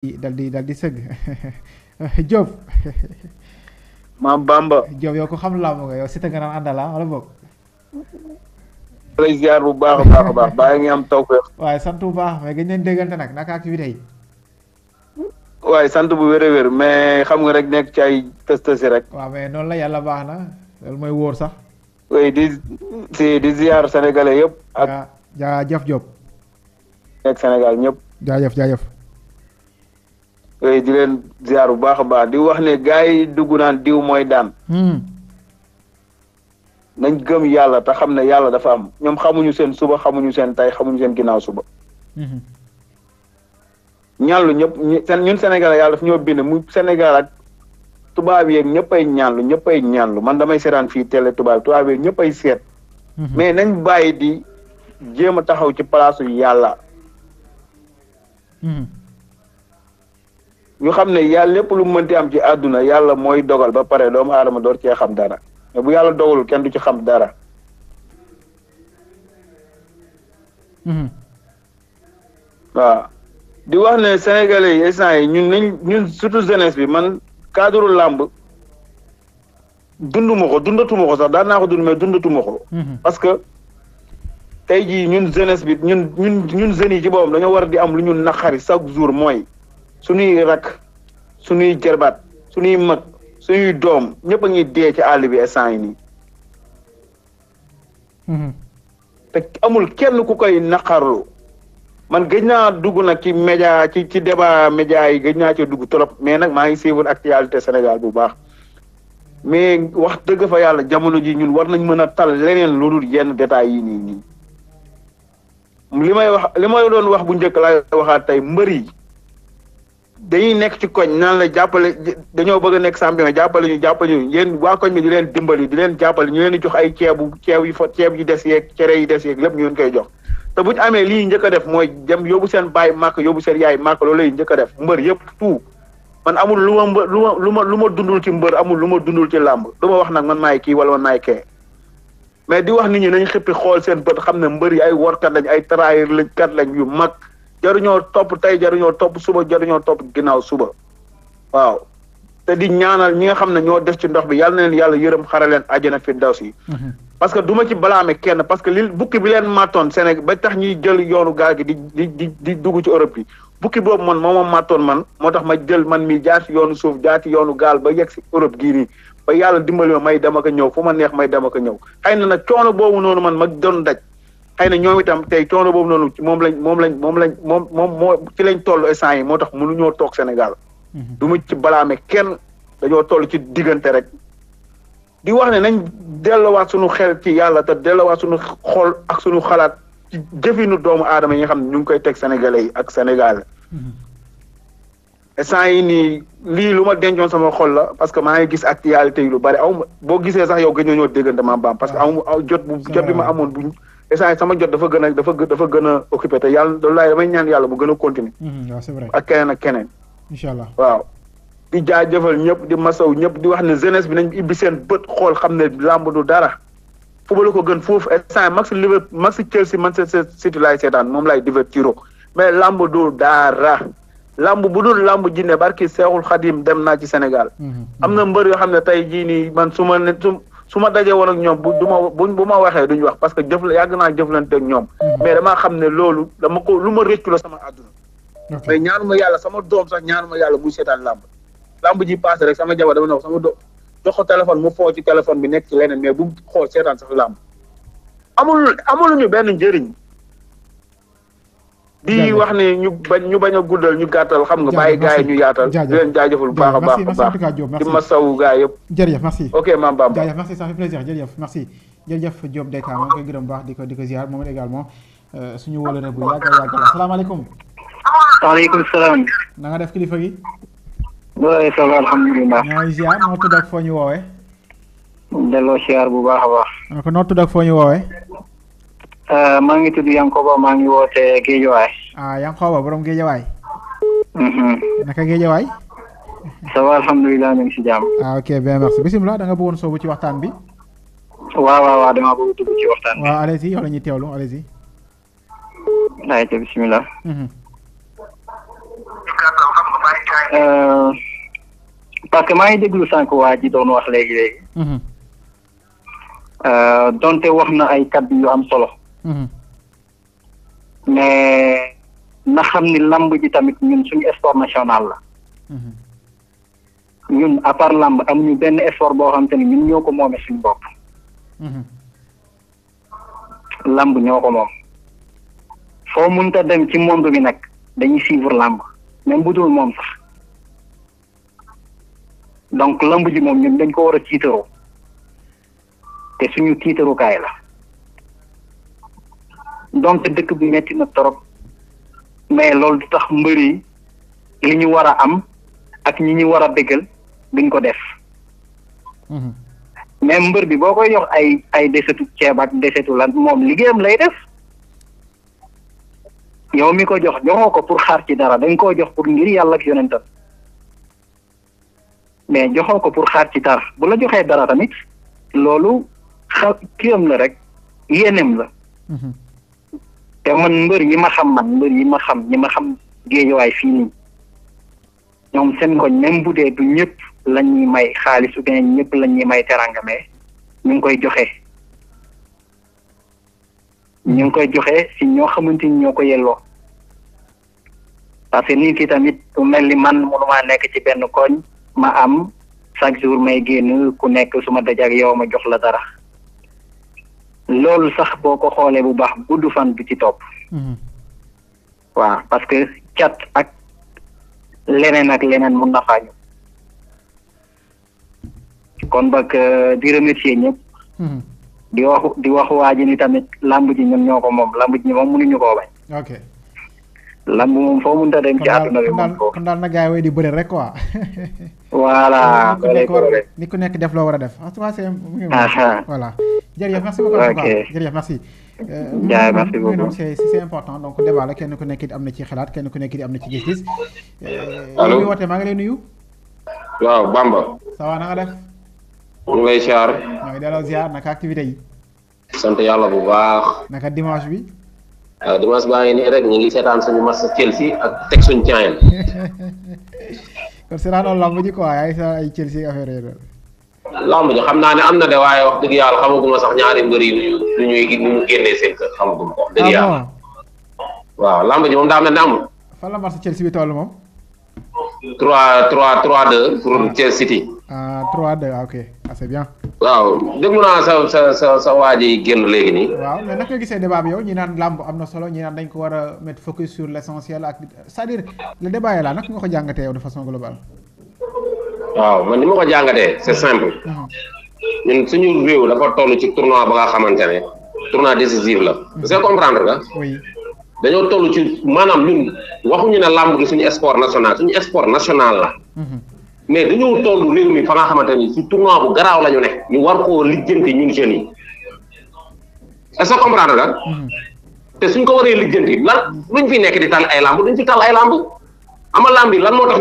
dal di dal di sëgg Diop. maam Bamba. Diop yow ko xam làmb nga yow si nga naan àndala ah, wala boog. lay bu baax a baax baa ngi am tawfeex. waaye sant bu baax mais gëj nag naka waaye sant bu wér a wér mais xam nga rek nekk ci ay tës tësi rek. waaw mais noonu la yàlla baax na loolu mooy wóor sax. oui di si di ziar sénégalais yëpp. ak jaajëf Diop. nekk Sénégal ñëpp. jaajëf jaajëf. Eh, di leen ziar bu baax a baax di wax ne gars yi dugg naan diw mooy daan. Hmm. nañ gëm yàlla te xam ne yàlla dafa am ñoom xamuñu seen suba xamuñu seen tay xamuñu seen ginnaaw suba. Hmm. ñaanlu ñëpp ñun senegal yàlla daf ñoo bind mu Sénégal ak tubaab yeek ñëpp ay ñaanlu ñëpp ay ñaanlu man damay seetaan fii télé tubaab tubaab yeeg ñëpp ay seet. Hmm. mais nañ bàyyi di jéem a taxaw ci palaasu yàlla. ñu xam ne yàlla lépp lu mënti am ci àdduna yàlla mooy dogal ba pare doomu aadama door cee xam dara mais bu yàlla dogalul kenn du ci xam dara. Mhm. waaw di wax ne sénégalais yi instant yi ñun nañ ñun surtout jeunesse bi man cadre làmb dunduma ko dundatuma ko sax daan naa ko dund mais dundatuma ko. Mhm. parce que tey jii ñun jeunesse bi ñun ñun ñun jeunes yi ci boppam dañoo war di am lu ñun naqari chaque jour mooy. suñuy rak suñuy jarbaat suñuy mag suñuy doom ñëpp a ngi dee ci àll bi instant yi nii. Mhm. te amul kenn ku koy naqarlu man gëj naa dugg nag ci média ci ci débat média yi gëj naa ci dugg trop mais nag maa ngi suivre actualité Sénégal bu baax mais wax dëgg fa yàlla jamono ji ñun war nañ mën a tal leneen lu dul yenn détails yi nii nii. li may wax li may doon wax bu njëkk laay waxaat tey mbër yi dañuy nekk ci koñ naan la jàppale dañoo bëgg a nekk champion jàppale ñu jàppale ñu yéen waa koñ bi di leen dimbali di leen jàppale ñu leen di jox ay ceeb yi fa ceeb yi des yeeg cere yi des yeeg lépp ñu leen koy jox te bu ñu amee lii njëkk a def mooy dem yóbbu seen baay màkk yóbbu seen yaay màkk loolu lay njëkk a def mbër yëpp tout man amul lu ma mbë lu ma lu ma lu ma dundul ci mbër amul lu ma dundul ci làmb du ma wax nag man may kii wala man maay kee mais di wax ni ñi nañ xippi xool seen bët xam ne mbër yi ay warkat lañ ay trahir lañ kat lañ yu mag jaruñoo topp tey jaruñoo topp suba jaruñoo topp ginnaaw suba waaw te di ñaanal ñi nga xam ne ñoo des ci ndox bi yàlla na leen yàlla yërëm xare leen àjjana firdawsi mhm. parce que du ma ci balaame kenn parce que li bukki bi leen màttoon Sénégal ba tax ñuy jël yoonu gaal gi di di di di dugg ci Europe bi bukki boobu man moo ma mattoon man moo tax ma jël man mi jaar ci yoonu suuf jaar ci yoonu gaal ba yegg si Europe gii nii ba yàlla dimbali may dem ak ñëw fu ma neex may dem ak a ñëw xëy na nag coono boobu noonu man ma doon daj xëy na ñoom itam tey coono boobu noonu moom lañ moom lañ moom lañ moom moom moo ci lañ toll instant yi moo tax mënuñoo toog Sénégal. Mhm. du mu ci balaame kenn dañoo toll ci diggante rek. di wax ne nañ delluwaat suñu xel ci yàlla te delluwaat suñu xol ak suñu xalaat ci jëfinu doomu aadama yi nga xam ne ñu ngi koy teg sénégalais yi ak Sénégal. Mhm. instant yi nii lii lu ma dencoon sama xol la parce que maa ngi gis actualité yi lu bari aw boo gisee sax yow gëj ñoo déggante ma baam parce que ah. aw jot bu jot bi ma ah. amoon bu. essai sama jot dafa gën a dafa dafa gën occupé te yàlla damay ñaan yàlla mu gën a mm-hmm, keneen ak keneen. waaw. di jaajëfal ñëpp di masaw ñëpp di wax ne jeunesse bi nañ ibbi seen bët xool xam ne làmb du dara. football ko gën foofu instant max Liverpool max Chelsea Manchester City laay seetaan moom laay divertiro mais làmb du dara. làmb bu dul làmb ji ne barki Seexul Xadim dem naa ci Sénégal. Mm-hmm. am na mbër yoo xam ne tey jii nii man su ne su su ma dajee woon ak ñoom bu du ma bu ma waxee duñu wax parce que jëf la yàgg naa jëflante ñoom mm-hmm. mais damaa xam ne loolu dama ko lu ma réccu la sama àdduna mais ñaanuma yàlla sama doom sax ñaanuma yàlla muy seetaan làmb làmb ji passé rek sama jabar dama ne ko sama doom jox ko téléphone mu foo ci téléphone bi nekk ci leneen mais bu xool seetaan sax làmb amul ñu benn njëriñ di wax ne ñu bañ ñu bañ a guddal ñu gàttal xam nga bàyyi gars yi ñu yaatal. jaajëf di leen jaajëfal bu baax a baax a baax di masawu gars yëpp. jërëjëf merci ok maam Bamba jaajëf merci ça fait plaisir jërëjëf merci jërëjëf Diop Decca maa ngi koy gërëm baax di ko di ko ziar moom également euh, suñu wóolu rek bu a yàgg asalaamaaleykum. def kilifa gi. looy solo alhamdulilah. ñooy ziar noo tudd ak foo ñu woowee. delloo ziar bu baax a baax. noo tudd ak ñu Eh, maa ngi tudd Yankoba maa ngi woote Géejawaay. ah Yankoba borom Géejawaay. Mhm. naka Géejawaay. ça va alhamdulilah si jàmm. ah ok bien merci bisimilah da bëggoon soobu ci waxtaan bi. waaw waaw waaw damaa bëgg dugg ci waxtaan bi. waaw allez-y yow teewlu allez-y. Mhm. ayca que eh, maa ngi déglu sànq waa ji doon wax léegi léegi. Mhm. Eh, donte wax na ay kàddu yu am solo. mais na xam ni lamb ji tamit ñun suñu sport national la. ñun à làmb am ñu benn effort boo xam te ni ñun ñoo ko moome suñu bopp. làmb ñoo ko moom. foo mënta dem ci monde bi nag dañuy suivre làmb même bu dul moom sax donc lamb ji moom ñun dañ ko war a tiitaroo te suñu tiitarukaay la. donc dëkk bi metti na trop mais loolu du tax mbër yi li ñu war a am ak ñi ñu war a bégal duñ ko def. Mhm. mais mbër bi boo koy jox ay ay desetu ceeb ak desetu lan moom liggéeyam lay def yow mi ko jox joxoo ko pour xaar ci dara dañ koo jox pour ngir yàlla ak yonentam mais joxoo ko pour xaar ci dara bu la joxee dara tamit loolu xa kiyam la rek yéeneem la. Mhm. te man mbër yi ma xam man mbër yi ma xam ñi ma xam géejawaay fii nii ñoom seen koñ même bu dee du ñëpp lañ ñuy may xaalis ou bien ñëpp la ñuy may teranga mais ñu ngi koy joxe ñu ngi koy joxe si ñoo xamante ni ñoo ko yelloo parce que nit ki tamit ku mel ni man mënumaa nekk ci benn koñ ma am chaque jour may génn ku nekk suma ma dajak yow ma jox la dara loolu sax boo ko xoolee bu baax gudd fan bi ci topp. Mhm. waa parce que cat ak leneen ak leneen mun na faa ñu kon bak euh, di remercier ñëpp. Mhm. di wax di waxu waa ji ni tamit làmb ji ñun ñoo ko moom làmb ji moom mënuñu koo bañ. ok làmb moom foo mënut a dem. ci àdduna bi moom kon daal na gaa yi way di bëri rek quoi. voilà. ni ku nekk def loo war a def. Ah, ah. voilà. jërëjëf merci beaucoup ok jërëjëf merci. kenn ku nekk am na ci xalaat kenn ku nekk it am na ci gis euh, maa ngi lay nuyu. waaw Bamba. ça va na nga def. mu ngi lay ziar. maa ngi activité yi. sant yàlla bu baax. naka dimanche bi. waaw ah, dimanche baa ngi nii rek ñu ngi seetaan suñu match Chelsea ak teg suñu caayam. kon seetaanoo lamb ji quoi ay sa ay Chelsea affaire yooyu. làmb ji xam naa ne am na de waaye wax dëgg yàlla xamaguma sax ñaari mbër yi ñu ñu ñuy nu mu génnee seen kër xamaguma ah waaw lamb ji moom daa ma ne amul. fa la match Chelsea bi toll moom. 3 3 3 2 pour Chelsea City. ah 3 2 ah, ok ah c'est bien. waaw déglu naa sa sa sa sa waa ji génn léegi nii. waaw mais naka nga gisee débat bi yow naan làmb am na solo ñi naan dañ ko war a mettre focus sur l'essentiel ak cest dire le débat yi la naka nga ko jàngatee yow de façon globale. waaw man ni ma ko jàngatee c'est simple ñun suñu réew dafa toll ci tournoi ba nga xamante ne tournoi décisif la. parce que comprendre nga. dañoo toll ci maanaam ñun waxuñu ne làmb gi suñu sport national suñu sport nationale la. Mhm. mais dañoo toll réew mi fa nga xamante ni ci tournoi bu garaaw lañu ñu ne. ñu war koo lijjanti ñun jeunes yi est-ce que comprendre nga. Mhm. te suñ ko waree lijjanti lan luñ fi nekk di tal ay làmb duñ fi tal ay làmb ama làmb lan moo tax.